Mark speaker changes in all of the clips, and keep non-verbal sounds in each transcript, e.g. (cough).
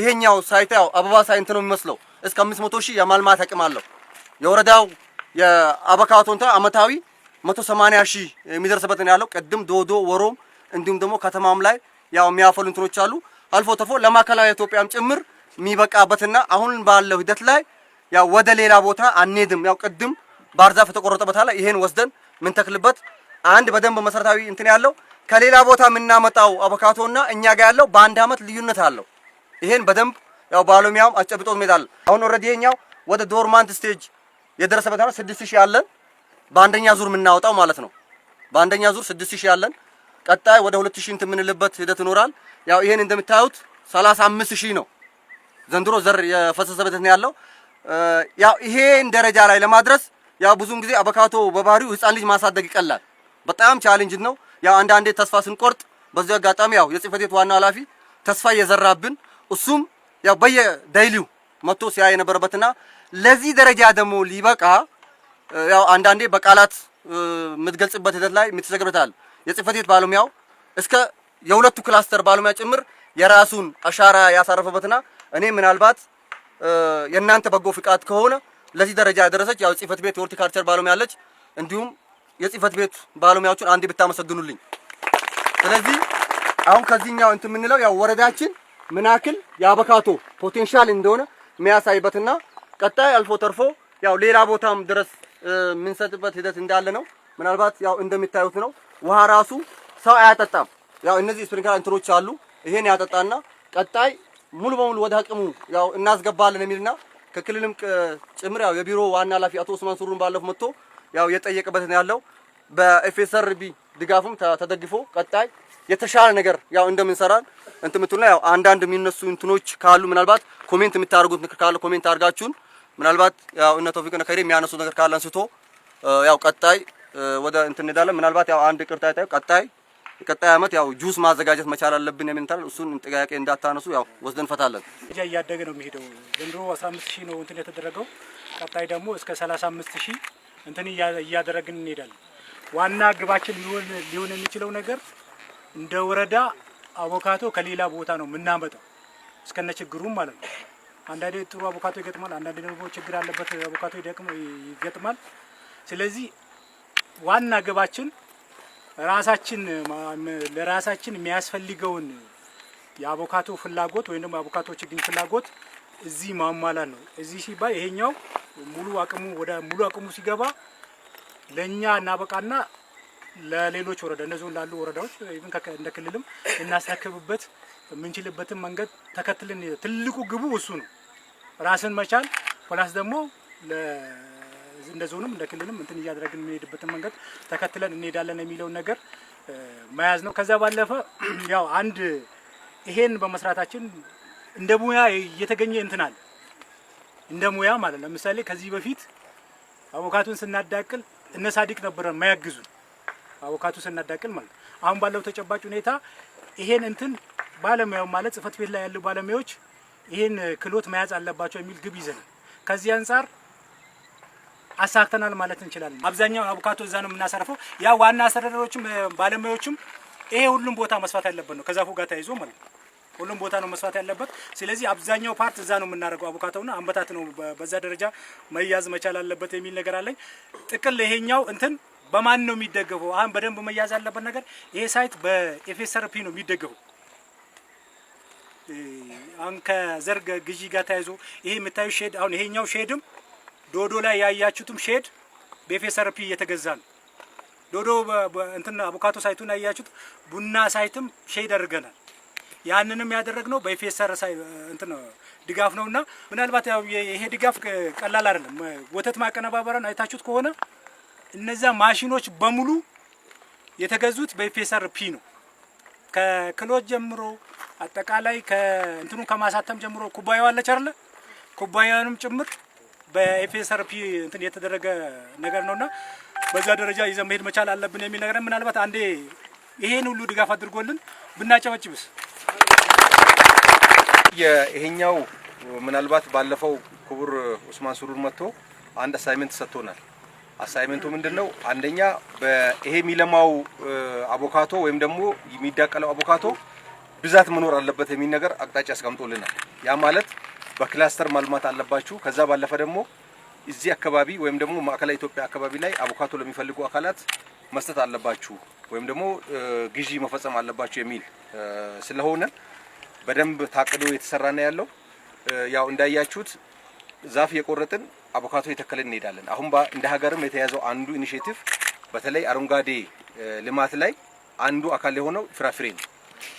Speaker 1: ይሄኛው ሳይት ያው አበባ ሳይንት ነው የሚመስለው። እስከ 500 ሺህ የማልማት አቅም አለው። የወረዳው የአበካቶንታ አመታዊ 180 ሺህ የሚደርስበት ነው ያለው። ቅድም ዶዶ ወሮም እንዲሁም ደግሞ ከተማም ላይ ያው የሚያፈሉ እንትኖች አሉ። አልፎ ተፎ ለማዕከላዊ ኢትዮጵያም ጭምር የሚበቃበትና አሁን ባለው ሂደት ላይ ያው ወደ ሌላ ቦታ አንሄድም። ያው ቅድም ባህር ዛፍ የተቆረጠ ቦታ ላይ ይሄን ወስደን ምን ተክልበት አንድ በደንብ መሰረታዊ እንትን ያለው ከሌላ ቦታ የምናመጣው አቮካዶና እኛ ጋር ያለው በአንድ አመት ልዩነት አለው። ይሄን በደንብ ያው ባለሙያውም አስጨብጦት ሜዳል አሁን ኦልሬዲ ይሄኛው ወደ ዶርማንት ስቴጅ የደረሰበት ነው። 6000 ያለን በአንደኛ ዙር የምናወጣው ማለት ነው። በአንደኛ ዙር 6000 ያለን ቀጣይ ወደ 2000 እንትን የምንልበት ሂደት ይኖራል። ያው ይሄን እንደምታዩት 35000 ነው ዘንድሮ ዘር የፈሰሰበት ነው ያለው። ያው ይሄን ደረጃ ላይ ለማድረስ ያው ብዙም ጊዜ አቮካዶ በባህሪው ህፃን ልጅ ማሳደግ ይቀላል። በጣም ቻሌንጅ ነው። ያው አንዳንዴ ተስፋ ስንቆርጥ በዚህ አጋጣሚ ያው የጽህፈት ቤት ዋና ኃላፊ ተስፋ እየዘራብን እሱም ያው በየዳይሊው መጥቶ ሲያይ የነበረበትና ለዚህ ደረጃ ደግሞ ሊበቃ ያው አንዳንዴ በቃላት የምትገልጽበት ሂደት ላይ የምትሰግርታል የጽህፈት ቤት ባለሙያው እስከ የሁለቱ ክላስተር ባለሙያ ጭምር የራሱን አሻራ ያሳረፈበትና እኔ ምናልባት የእናንተ በጎ ፍቃድ ከሆነ ለዚህ ደረጃ ያደረሰች ያው ጽህፈት ቤት የሆርቲካልቸር ባለሙያ አለች። እንዲሁም የጽህፈት ቤት ባለሙያዎቹን አንዴ ብታመሰግኑልኝ። ስለዚህ አሁን ከዚህኛው እንትን የምንለው ያው ወረዳችን ምን ያክል የአበካቶ ፖቴንሻል እንደሆነ የሚያሳይበትና ቀጣይ አልፎ ተርፎ ያው ሌላ ቦታም ድረስ የምንሰጥበት ሂደት እንዳለ ነው። ምናልባት ያው እንደሚታዩት ነው። ውሃ ራሱ ሰው አያጠጣም። ያው እነዚህ ስፕሪንክለር እንትኖች አሉ። ይሄን ያጠጣና ቀጣይ ሙሉ በሙሉ ወደ አቅሙ ያው እናስገባለን የሚልና ከክልልም ጭምር ያው የቢሮ ዋና ኃላፊ አቶ ኡስማን ሱሩን ባለፈው መጥቶ ያው የጠየቀበት ነው ያለው። በኤፌሰርቢ ድጋፍም ተደግፎ ቀጣይ የተሻለ ነገር ያው እንደምንሰራን እንትምትሉ ያው አንዳንድ የሚነሱ እንትኖች ካሉ ምናልባት ኮሜንት የምታደርጉት ነገር ካለ ኮሜንት አድርጋችሁን ምናልባት ያው እነ ቶፊቅ ከሬ የሚያነሱ ነገር ካለ አንስቶ ያው ቀጣይ ወደ እንትን እንሄዳለን። ምናልባት ያው አንድ ቅርታ ይጣዩ ቀጣይ ቀጣይ አመት ያው ጁስ ማዘጋጀት መቻል አለብን የሚል እንትን እሱን ጥያቄ እንዳታነሱ ያው ወስደን ፈታለን።
Speaker 2: እጃ እያደገ ነው የሚሄደው። ዘንድሮ 15000 ነው እንትን የተደረገው። ቀጣይ ደግሞ እስከ 35000 እንትን እያደረግን እንሄዳለን። ዋና ግባችን ሊሆን የሚችለው ነገር እንደ ወረዳ አቮካቶ ከሌላ ቦታ ነው የምናመጣው እስከነ ችግሩም ማለት ነው። አንዳንዴ ጥሩ አቮካቶ ይገጥማል፣ አንዳንዴ ደግሞ ችግር ያለበት አቮካቶ ይገጥማል። ስለዚህ ዋና ግባችን ራሳችን ለራሳችን የሚያስፈልገውን የአቮካቶ ፍላጎት ወይም ደግሞ የአቮካቶ ችግኝ ፍላጎት እዚህ ማሟላት ነው። እዚህ ሲባል ይሄኛው ሙሉ አቅሙ ወደ ሙሉ አቅሙ ሲገባ ለእኛ እናበቃና ለሌሎች ወረዳ እነዚሁን ላሉ ወረዳዎች ኢቭን እንደ ክልልም እናስረክብበት የምንችልበትን መንገድ ተከትለን ትልቁ ግቡ እሱ ነው፣ ራስን መቻል ፕላስ ደግሞ እንደ ዞንም እንደ ክልልም እንትን እያደረግን የምንሄድበትን መንገድ ተከትለን እንሄዳለን የሚለውን ነገር መያዝ ነው። ከዛ ባለፈ (clears throat) ያው አንድ ይሄን በመስራታችን እንደ ሙያ እየተገኘ እንትን አለ እንደ ሙያ ማለት ለምሳሌ ከዚህ በፊት አቮካቱን ስናዳቅል እነ ሳዲቅ ነበረ የማያግዙን አቮካቱ ስናዳቅል ማለት አሁን ባለው ተጨባጭ ሁኔታ ይሄን እንትን ባለሙያው ማለት ጽህፈት ቤት ላይ ያሉ ባለሙያዎች ይሄን ክህሎት መያዝ አለባቸው የሚል ግብ ይዘናል። ከዚህ አንጻር አሳክተናል ማለት እንችላለን። አብዛኛውን አቮካቶ እዛ ነው የምናሳርፈው። ያ ዋና አስተዳደሮችም ባለሙያዎችም ይሄ ሁሉም ቦታ መስፋት ያለበት ነው ከዛፉ ጋር ተያይዞ ማለት ነው። ሁሉም ቦታ ነው መስፋት ያለበት። ስለዚህ አብዛኛው ፓርት እዛ ነው የምናደርገው። አቮካዶና አንበታት ነው በዛ ደረጃ መያዝ መቻል አለበት የሚል ነገር አለኝ። ጥቅል ይሄኛው እንትን በማን ነው የሚደገፈው? አሁን በደንብ መያዝ ያለበት ነገር ይሄ ሳይት በኤፌሰርፒ ነው የሚደገፈው። አሁን ከዘርግ ግዢ ጋር ተያይዞ ይሄ የምታዩ ሼድ አሁን ይሄኛው ሼድም ዶዶ ላይ ያያችሁትም ሼድ በኤፌሰርፒ እየተገዛ ነው። ዶዶ እንትን አቮካቶ ሳይቱን ያያችሁት ቡና ሳይትም ሼድ አድርገናል። ያንንም ያደረግነው በኤፌሰር እንትን ድጋፍ ነውና ምናልባት ያው ይሄ ድጋፍ ቀላል አይደለም። ወተት ማቀነባበሪያን አይታችሁት ከሆነ እነዛ ማሽኖች በሙሉ የተገዙት በኤፌሰር ፒ ነው። ከክሎት ጀምሮ አጠቃላይ ከእንትኑ ከማሳተም ጀምሮ ኩባያው አለች አይደለ? ኩባያውንም ጭምር በኤፌሰር ፒ እንትን የተደረገ ነገር ነውና በዛ ደረጃ ይዘን መሄድ መቻል አለብን የሚል ነገር ምናልባት አንዴ ይሄን ሁሉ ድጋፍ አድርጎልን ብናጨበጭብስ
Speaker 1: ይሄኛው ምናልባት ባለፈው ክቡር ኡስማን ሱሩር መጥቶ አንድ አሳይመንት ሰጥቶናል። አሳይመንቱ ምንድን ነው? አንደኛ ይሄ የሚለማው አቮካቶ ወይም ደግሞ የሚዳቀለው አቮካቶ ብዛት መኖር አለበት የሚል ነገር አቅጣጫ አስቀምጦልናል። ያ ማለት በክላስተር ማልማት አለባችሁ። ከዛ ባለፈ ደግሞ እዚህ አካባቢ ወይም ደግሞ ማዕከላዊ ኢትዮጵያ አካባቢ ላይ አቮካቶ ለሚፈልጉ አካላት መስጠት አለባችሁ ወይም ደግሞ ግዢ መፈጸም አለባችሁ የሚል ስለሆነ በደንብ ታቅዶ የተሰራ ነው ያለው። ያው እንዳያችሁት ዛፍ የቆረጥን አቮካዶ የተከልን እንሄዳለን። አሁን እንደ ሀገርም የተያዘው አንዱ ኢኒሼቲቭ በተለይ አረንጓዴ ልማት ላይ አንዱ አካል የሆነው ፍራፍሬ ነው።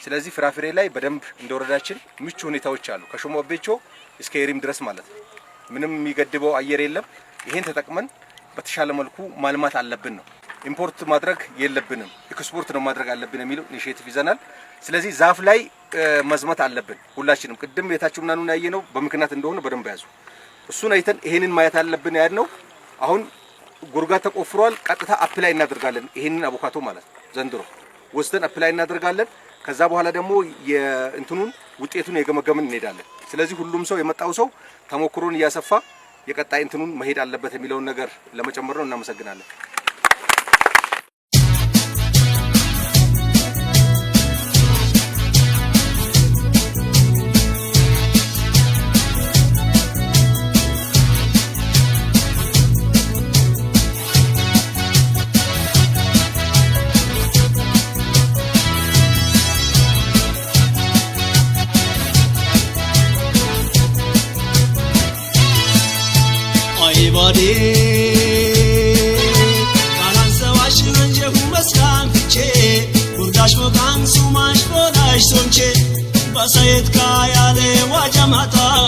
Speaker 1: ስለዚህ ፍራፍሬ ላይ በደንብ እንደወረዳችን ምቹ ሁኔታዎች አሉ። ከሾሞ ቤቾ እስከ ኤሪም ድረስ ማለት ነው። ምንም የሚገድበው አየር የለም። ይሄን ተጠቅመን በተሻለ መልኩ ማልማት አለብን ነው። ኢምፖርት ማድረግ የለብንም ኤክስፖርት ነው ማድረግ አለብን የሚለው ኢኒሼቲቭ ይዘናል። ስለዚህ ዛፍ ላይ መዝመት አለብን ሁላችንም። ቅድም ቤታችሁ ምናምን ያየነው በምክንያት እንደሆነ በደንብ ያዙ። እሱን አይተን ይሄንን ማየት አለብን ነው። አሁን ጉርጋ ተቆፍሯል። ቀጥታ አፕላይ እናደርጋለን። ይሄንን አቮካቶ ማለት ዘንድሮ ወስደን አፕላይ እናደርጋለን። ከዛ በኋላ ደግሞ የእንትኑን ውጤቱን የገመገምን እንሄዳለን። ስለዚህ ሁሉም ሰው የመጣው ሰው ተሞክሮን እያሰፋ የቀጣይ እንትኑን መሄድ አለበት የሚለውን ነገር ለመጨመር ነው። እናመሰግናለን። Sashmo kan sumash podash sunche Basayet kaya de wajam hata